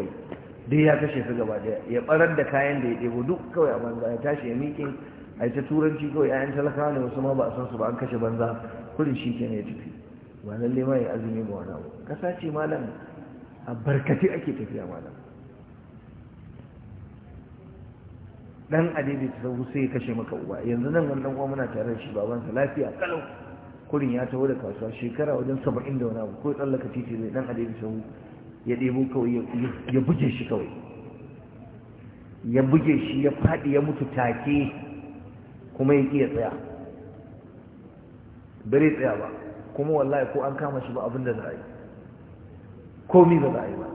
Speaker 1: ya kashe su gaba daya ya barar da kayan da ya debo duk kawai a banza ya tashi ya miƙe a yi ta turanci kawai ‘ya'yan talakawa ne wasu ma ba a san su ba an kashe banza kurin shi ke ya tafi ba lalle ma ya azumi ba wani abu ƙasa ce malam a barkati ake tafiya malam dan adidi ta sauku sai ya kashe maka uba yanzu nan wannan kuma muna tare da shi babansa lafiya kalau kurin ya taho da kasuwa shekara wajen saba'in da wani abu ko tsallaka titi zai dan adidi ta sauku ya ɗebo kawai ya buge shi kawai ya buge shi ya faɗi ya mutu take kuma ya iya tsaya bare tsaya ba kuma wallahi ko an kama shi ba abin da za a yi komi ba za a yi ba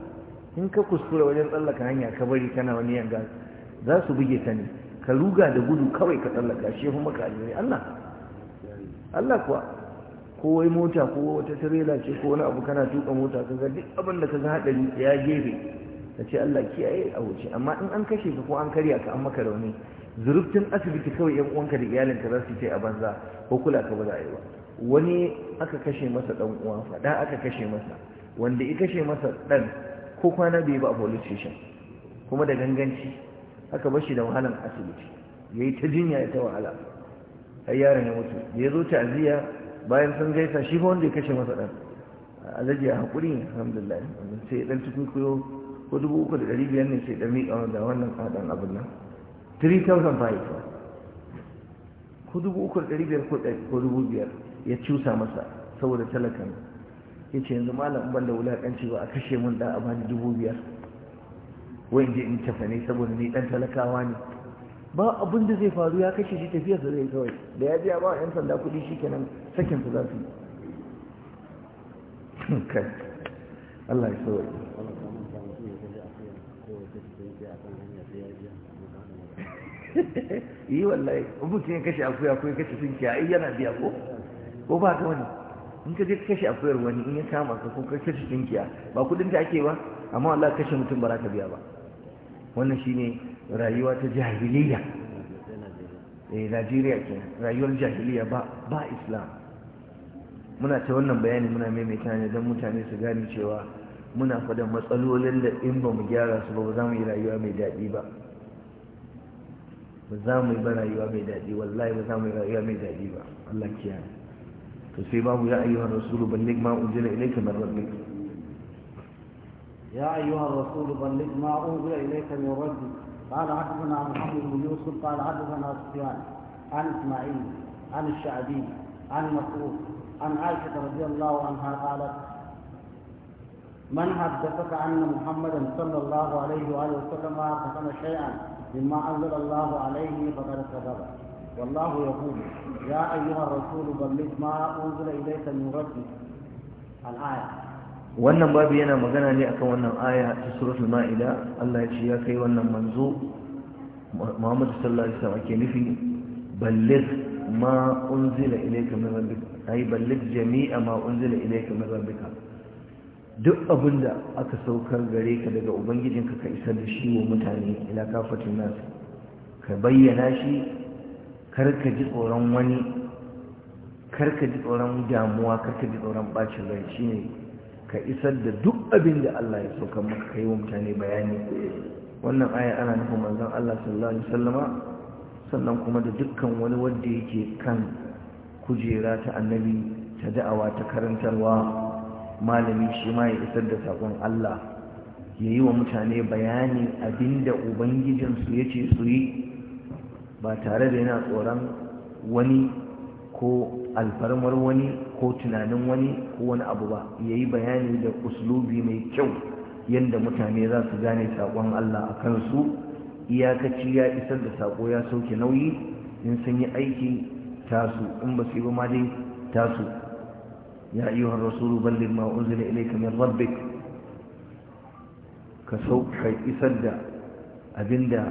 Speaker 1: in ka kuskura wajen tsallaka hanya ka bari kana wani yanga za su buge ta ne ka ruga da gudu kawai ka tsallaka shi kuma ka ajiye Allah Allah kuwa ko wai mota ko wata tarela ce ko wani abu kana tuka mota ka ga duk abin da ka ga hadari ya gefe ka ce Allah kiyaye a wuce amma in an kashe ka ko an karya ka an maka rauni zurfin asibiti kawai yan uwanka da iyalin ka za su ce a banza ko kula ka ba a yi ba wani aka kashe masa dan uwa fada aka kashe masa wanda ya kashe masa dan ko kwana bai ba a police station kuma da ganganci aka bashi da wahalan asibiti ya yi ta jinya ya ta wahala har yaron ya mutu da ya zo ta'aziyya bayan sun gaisa shi fa wanda ya kashe masa ɗan alhaji ya hakuri alhamdulillah sai dan cikin koyo ko dubu uku da ɗari biyar ne sai ɗan miƙa da wannan ɗan abin nan 3,500 ko dubu uku da ɗari biyar ko dubu biyar ya cusa masa saboda talakan ya ce yanzu malam ban da wulaƙanci ba a kashe mun ɗan a bani dubu biyar wai je in tafa ne saboda ni dan talakawa ne ba abin da zai faru ya kashe shi tafiya sa zai kawai da ya jiya ba yan sanda kuɗi shikenan sakin su za su
Speaker 2: yi kai Allah ya
Speaker 1: yi wallahi mutum ya kashe akuya ko ya kashe tunkiya ai yana biya ko ko ba ka wani in ka je kashe akuyar wani in ya kama ka ko ka kashe tunkiya ba kudin ta ake ba amma Allah kashe mutum ba za ka biya ba wannan shine rayuwa ta jahiliya eh Najeriya ke rayuwar jahiliya ba ba Islam muna ta wannan bayani muna maimaita ne don mutane su gane cewa muna fada matsalolin da in ba mu gyara su ba ba za mu yi rayuwa mai daɗi ba ba za mu yi ba rayuwa mai daɗi wallahi ba za mu yi rayuwa mai daɗi ba Allah kiyaye to sai babu ya ayyuhar rasulu balligh ma unzila ilayka min rabbik
Speaker 2: يا أيها الرسول بلغ ما أنزل إليك من ربك قال حدثنا محمد بن يوسف قال حدثنا سفيان عن إسماعيل عن الشعبي عن مسعود عن عائشة رضي الله عنها قالت من حدثك أن محمدا صلى الله عليه وآله وسلم قسم شيئا مما أنزل الله عليه فقد كذب والله يقول يا أيها الرسول بلغ ما أنزل إليك من ربك الآية
Speaker 1: wannan babu yana magana ne akan wannan aya ta suratul ma'ida Allah ya ce ya kai wannan manzo Muhammad sallallahu alaihi wasallam ke nufi balligh ma unzila ilayka min rabbika ai balligh jami'a ma unzila ilayka min rabbika duk abinda aka saukar gare ka daga ubangijinka ka isar da shi wa mutane ila kafatin nas ka bayyana shi kar ka ji tsoron wani kar ka ji tsoron damuwa kar ka ji tsoron bacin rai shine ka isar da duk abin da Allah ya sauka maka kai wa mutane bayani wannan aya ana nufin manzon Allah sallallahu alaihi wasallama sannan kuma da dukkan wani wanda yake kan kujera ta annabi ta da'awa ta karantarwa malami shi ma ya isar da sakon Allah ya yi wa mutane bayani abinda ubangijinsu ya ce su yi ba tare da yana tsoron wani ko alfarmar wani ko tunanin wani ko wani abu ba ya yi bayani da uslubi mai kyau yadda mutane za su gane saƙon Allah a kansu iyakaci ya isar da saƙo ya sauke nauyi in sun yi aiki tasu in ba su yi ba ma dai tasu ya iya har rasulu ballin ma unzila ilayka min rabbik ka sauka isar da abinda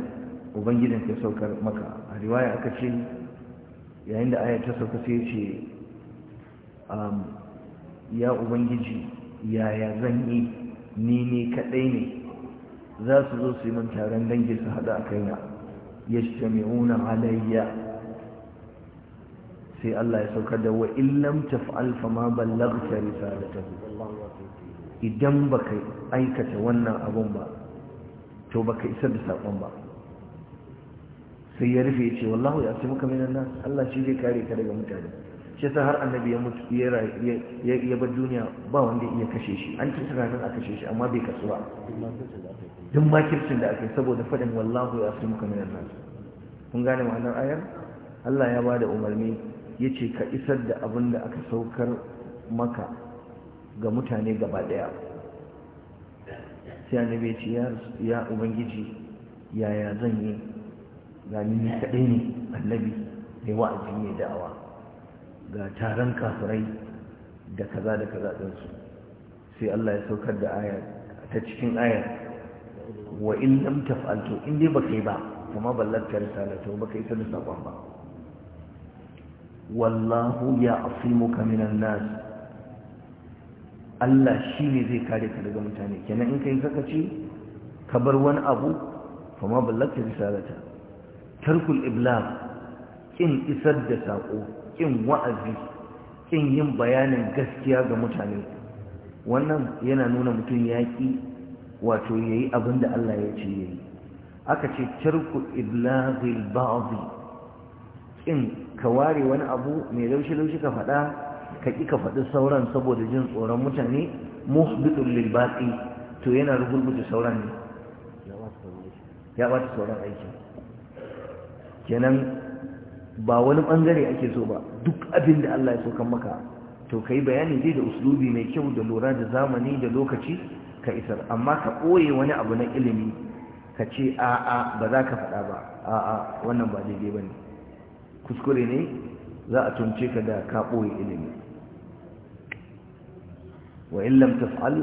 Speaker 1: Ubangidan ka saukar maka a riwaya aka yayin da ayar ta sauka sai ce ya ubangiji yaya zan yi ni ne kaɗai ne za su zo su yi min taron dangi su haɗu a kaina ya shami'una alayya sai Allah ya saukar da wa illam taf'al ma ballaghta risalatahu idan baka aikata wannan abun ba to baka isar da sakon ba sai ya rufe ya ce wallahu ya sai muka minan Allah shi zai kare ka daga mutane shi sa har annabi ya mutu ya bar duniya ba wanda iya kashe shi an ci tunanin a kashe shi amma bai kasu ba duk makircin da aka saboda faɗin wallahu ya sai muka minan nan kun gane ma'anar ayar Allah ya bada umarni ya ce ka isar da abin da aka saukar maka ga mutane gaba ɗaya sai annabi ya ce ya ubangiji yaya zan yi gani ni kaɗai ne annabi mai wa'azi da da'awa ga taron kafirai da kaza da kaza ɗinsu sai Allah ya saukar da aya ta cikin ayar wa in lam taf'al in dai baka yi ba kuma risala risalata baka isa da sakon ba wallahu ya asimuka minan nas Allah shi ne zai kare ka daga mutane kenan in kai ce, ka bar wani abu kuma ballagta risalata tarkul iblam kin isar da sako kin wa'azi kin yin bayanin gaskiya ga mutane wannan yana nuna mutum yaƙi wato yayi abin da Allah ya ce yayi aka ce tarkul iblaghil ba'd kin ka ware wani abu mai laushi laushi ka faɗa ka ƙi ka faɗi sauran saboda jin tsoron mutane muhbitul lil baqi to yana rubutu sauran ne ya bata sauran aiki kenan ba wani bangare ake so ba duk abin da Allah ya so kan maka to kai bayani dai da uslubi mai kyau da lura da zamani da lokaci ka isar amma ka ɓoye wani abu na ilimi ka ce a'a ba za ka faɗa ba a'a wannan ba daidai ba ne kuskure ne za a tunce ka da ka ɓoye ilimi wa illam taf'al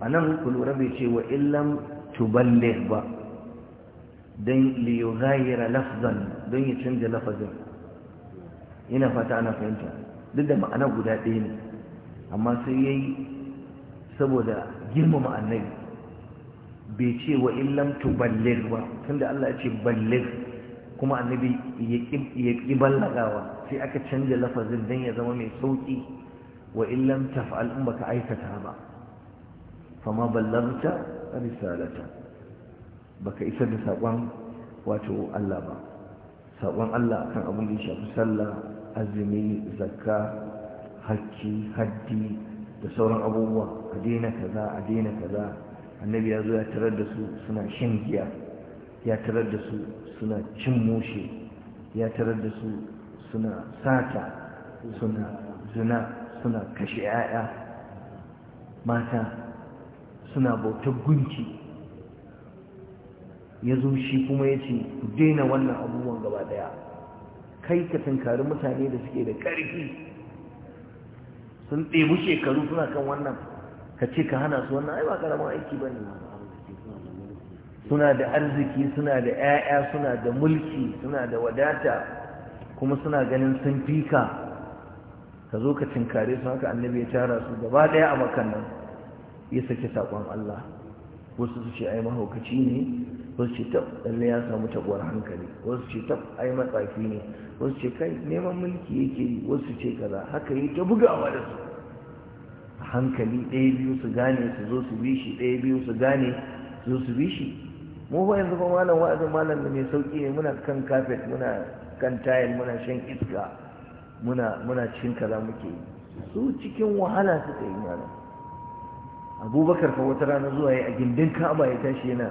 Speaker 1: a nan kulura bai ce wa illam tuballir ba don liyughayira lafzan don ya canza lafazin ina fata ana fahimta duk da ma'ana guda ɗaya ne amma sai yayi saboda girmama annabi bai ce wa illam tuballir ba tunda Allah ya ce ballir kuma annabi ya ƙi ballagawa sai aka canza lafazin don ya zama mai sauƙi wa illam taf'al al'umma baka aikata ba fama ballarta risalata baka isar da saƙon wato Allah ba saƙon Allah kan abin da shafi sallah azumi zakka hakki haddi da sauran abubuwa a daina kaza a daina kaza annabi ya zo ya tarar da su suna shan giya ya tarar da su suna cin mushe ya tarar da su suna sata suna zina suna kashe 'ya'ya mata suna bautar gunki ya zo shi kuma ya ce daina wannan abubuwan gaba daya kai ka tunkari mutane da suke da ƙarfi sun ɗebi shekaru suna kan wannan ka ce ka hana su wannan ai ba ƙaramin aiki ba ne suna da arziki suna da ƴaƴa, suna da mulki suna da wadata kuma suna ganin sun fika ka zo ka tinkare su haka annabi ya tara su gaba daya a makan nan ya saki saƙon Allah wasu su ce ai mahaukaci ne wasu ce tab lalle ya samu tabuwar hankali wasu ce tab ai matsafi ne wasu ce kai neman mulki yake yi wasu ce kaza haka yi ta bugawa da su hankali ɗaya biyu su gane su zo su bi shi ɗaya biyu su gane su zo su bi shi mu ba yanzu ba malam wa'azin malam da mai sauki ne muna kan kafet muna kan tayil muna shan iska muna muna cikin kaza muke yi su cikin wahala suka yi malam abubakar fa wata rana zuwa ya a gindin kaba ya tashi yana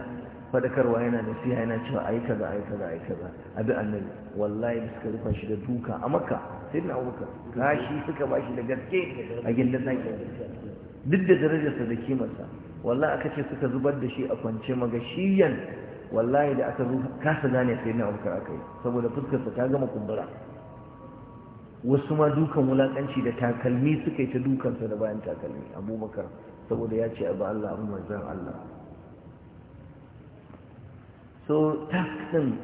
Speaker 1: fadakarwa yana da siya, yana cewa ayi kaza ayi kaza ayi kaza abi annabi wallahi da suka rufa shi da duka a makka sai na abubakar Gashi suka ba shi da gaske a gindin naki duk da darajarsa da kimarsa wallahi aka ce suka zubar da shi a kwance shiyan. wallahi da aka zo kasa gane sai na abubakar aka yi saboda fuskarsa ta gama kumbura wasu ma dukan wulakanci da takalmi suka yi ta dukansa da bayan takalmi abubakar saboda ya ce abu allah abu manzan allah so task din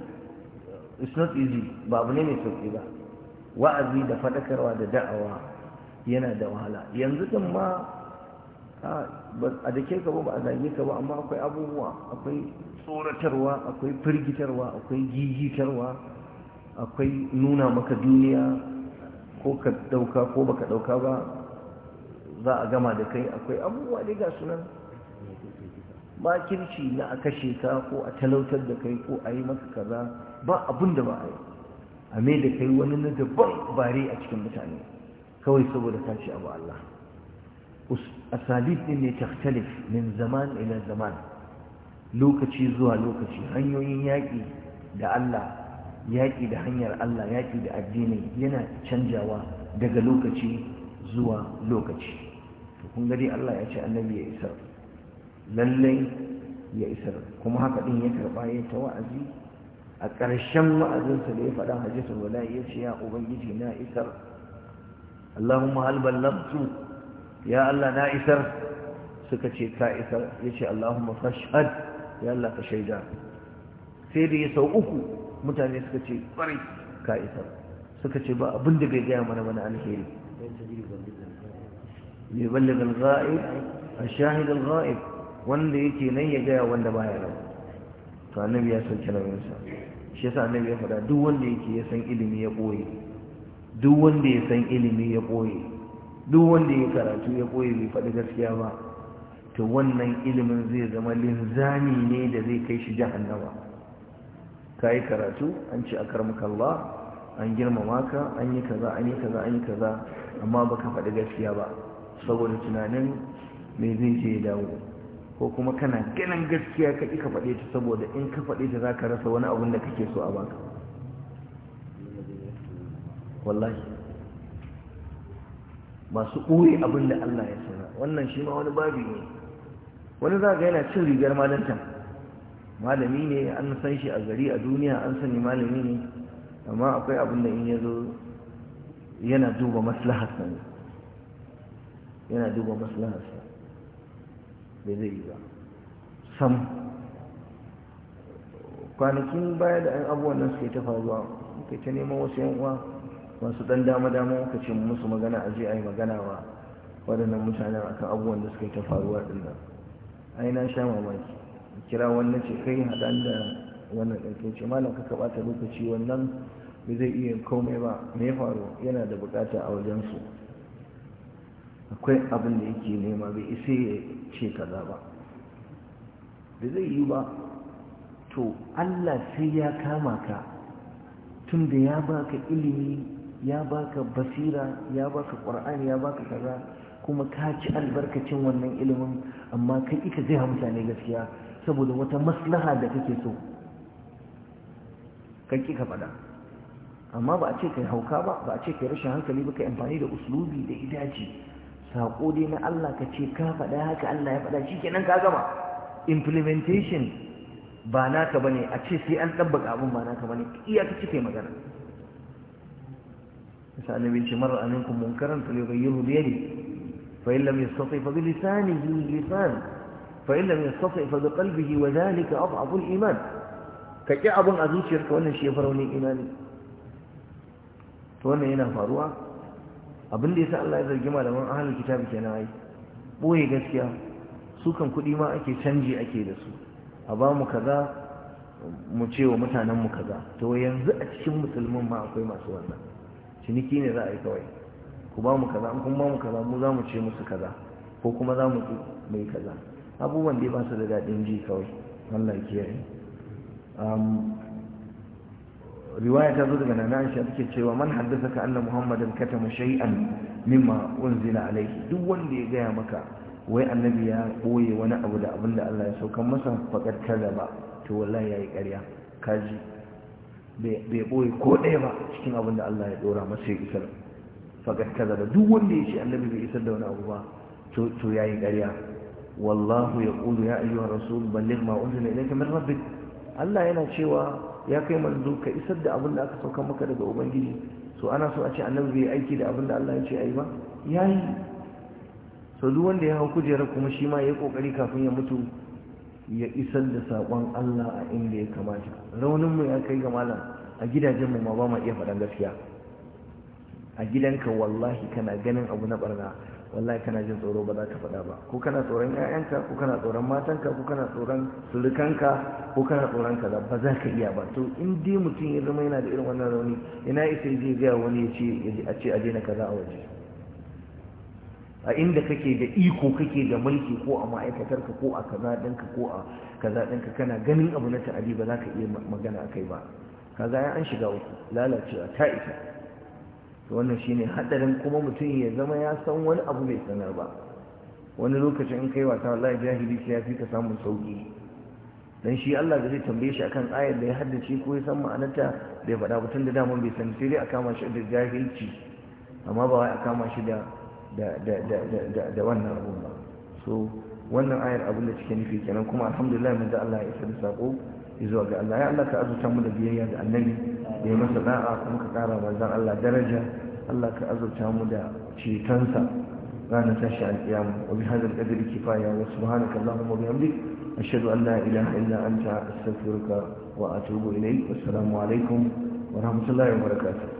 Speaker 1: it's not easy ba abu ne mai sauki ba wa'azi da faɗakarwa da da'awa yana da wahala yanzu din ma a dake ka ba a zage ka ba amma akwai abubuwa akwai tsoratarwa akwai firgitarwa akwai gigitarwa akwai nuna maka duniya ko ka dauka ko baka ɗauka ba za a gama da kai akwai abubuwa dai ga sunan makirci na a kashe ka ko a talautar da kai ko a yi maka kaza ba abin da ba a yi a mai da kai wani na daban bare a cikin mutane kawai saboda ta ce abu Allah asalif ɗin ne takhtalif min zaman ila zaman lokaci zuwa lokaci hanyoyin yaƙi da Allah yaƙi da hanyar Allah yaƙi da addini yana canjawa daga lokaci zuwa lokaci kun gari Allah ya ce annabi ya isa lallai ya isar kuma haka din ya karba ya ta wa'azi a ƙarshen wa'azinsa da ya faɗa hajjatul wala ya ce ya ubangiji na isar Allahumma hal ballagtu ya Allah na isar suka ce ka isar ya ce Allahumma fashhad ya Allah ka shaida sai da ya sau uku mutane suka ce kwarai ka isar suka ce ba abin da bai gaya mana mana alheri bai ballaga al-ghaib al-shahid al-ghaib wanda yake nan ya gaya wanda baya nan to annabi ya sauke nauyinsa shi yasa annabi ya faɗa duk wanda yake ya san ilimi ya ɓoye duk wanda ya san ilimi ya ɓoye duk wanda ya karatu ya ɓoye bai faɗi gaskiya ba to wannan ilimin zai zama linzami ne da zai kai shi jahannama ka yi karatu an ci a Allah an girmama ka an yi kaza an yi kaza an yi kaza amma baka faɗi gaskiya ba saboda tunanin mai zai je ya dawo ko kuma kana ganin gaskiya ka ka faɗe ta saboda in ka faɗe ta za ka rasa wani abin da kake so a baka wallahi masu ɓoye abin da Allah ya sana wannan shi ma wani babi ne wani za ga yana cin rigar malanta malami ne an san shi a gari a duniya an sani malami ne amma akwai abin da in ya zo yana duba maslaharsa yana duba maslaharsa da zai yi ba sam kwanakin baya da abubuwan nan suke ta faruwa ka ta neman wasu yan uwa masu ɗan dama dama ka ce musu magana a je a yi magana wa waɗannan mutanen akan abubuwan da suke ta faruwa din nan ai na sha mamaki kira wannan ce kai haɗan da wannan ce malam ka ta lokaci wannan ba zai iya komai ba me ya faru yana da bukata a wajensu akwai abin da yake nema bai isa ya ce kaza ba da zai yi ba to Allah sai ya kama ka tun da ya baka ilimi ya baka basira ya baka ƙwar'ani ya baka kaza kuma ka ci albarkacin wannan ilimin amma ka ika zai hamsa ne gaskiya saboda wata maslaha da kake so kai ka faɗa amma ba a ce kai hauka ba ba a ce kai rashin hankali ba kai amfani da uslubi da idaci saƙo dai na Allah ka ce ka faɗa haka Allah ya faɗa shi kenan ka gama implementation ba naka bane a ce sai an ɗabba abin ba naka bane iya ka cike magana yasa annabi ce marar aminkum munkaran fa yughayyiru bi yadi fa illam yastati fa bi lisanihi lisan fa illam yastati fa bi qalbihi wa dhalika adhafu al iman ka ki abun a zuciyarka wannan shi ya farauni imani to wannan yana faruwa abin da ya sa Allah ya zargi malaman ahlul kitabi kenan ai boye gaskiya su kan kuɗi ma ake canji ake da su a ba mu kaza mu ce wa mutanen mu kaza to yanzu a cikin musulmin ma akwai masu wannan ciniki ne za a yi kawai ku ba mu kaza an kun ba mu kaza mu za mu ce musu kaza ko kuma za mu mai kaza abubuwan da ba su da daɗin ji kawai Allah ya kiyaye riwaya ta zo daga nana aisha take cewa man haddasaka anna muhammadan katama shay'an mimma unzila alayhi duk wanda ya gaya maka wai annabi ya boye wani abu da abinda Allah ya saukan masa fakar ba to wallahi yayi ƙarya kaji bai boye ko ɗaya ba cikin abin da Allah ya dora masa ya isar fakar ba duk wanda ya ce annabi bai isar da wani abu ba to yayi ƙarya wallahu yaqulu ya ayyuhar rasul balligh ma unzila ilayka min rabbik Allah yana cewa ya kai manzo ka isar da abin da aka sauka maka daga ubangiji so ana so a ce annabi bai aiki da abin da Allah ya ce yi ba yayi so duk wanda ya hau kujerar kuma shi ma ya kokari kafin ya mutu ya isar da sakon Allah a inda ya kamata raunin mu ya kai ga malam a gidajen mu ma ba ma iya faɗan gaskiya a gidanka wallahi kana ganin abu na barna wallahi kana jin tsoro ba za ka faɗa ba ko kana tsoron 'ya'yanka ko kana tsoron matanka ko kana tsoron surukanka ko kana tsoron kaza ba za ka iya ba to in dai mutum ya zama yana da irin wannan rauni ina isa zai gaya wani ya ce a ce a daina kaza a waje a inda kake da iko kake da mulki ko a ma'aikatarka ko a kaza ɗinka ko a kaza ɗinka kana ganin abu na ta'adi ba za ka iya magana a kai ba kaza an shiga uku lalacewa ta isa wannan ne hadarin kuma mutum ya zama ya san wani abu bai sanar ba wani lokacin in kai wasa wallahi jahili sai ya fi ka samun sauki dan shi Allah zai tambaye shi akan ayar da ya haddace ko ya san ma'anarta bai faɗa ba tun da dama bai san sai dai a kama shi da jahilci amma ba wai a kama shi da da da da da wannan abun ba so wannan ayar abun da cike nufi kenan kuma alhamdulillah mun da Allah ya isa da sako zuwa ga Allah ya Allah ka azurta mu da biyayya da annabi da ya masa da'a kuma ka kara manzon Allah daraja Allah ka azurta mu da cetonsa ranar tashi alkiyama wa bi hadal qadri kifaya wa subhanaka allahumma wa bihamdik ashhadu an la ilaha illa anta astaghfiruka wa atubu ilayk assalamu alaikum wa rahmatullahi wa barakatuh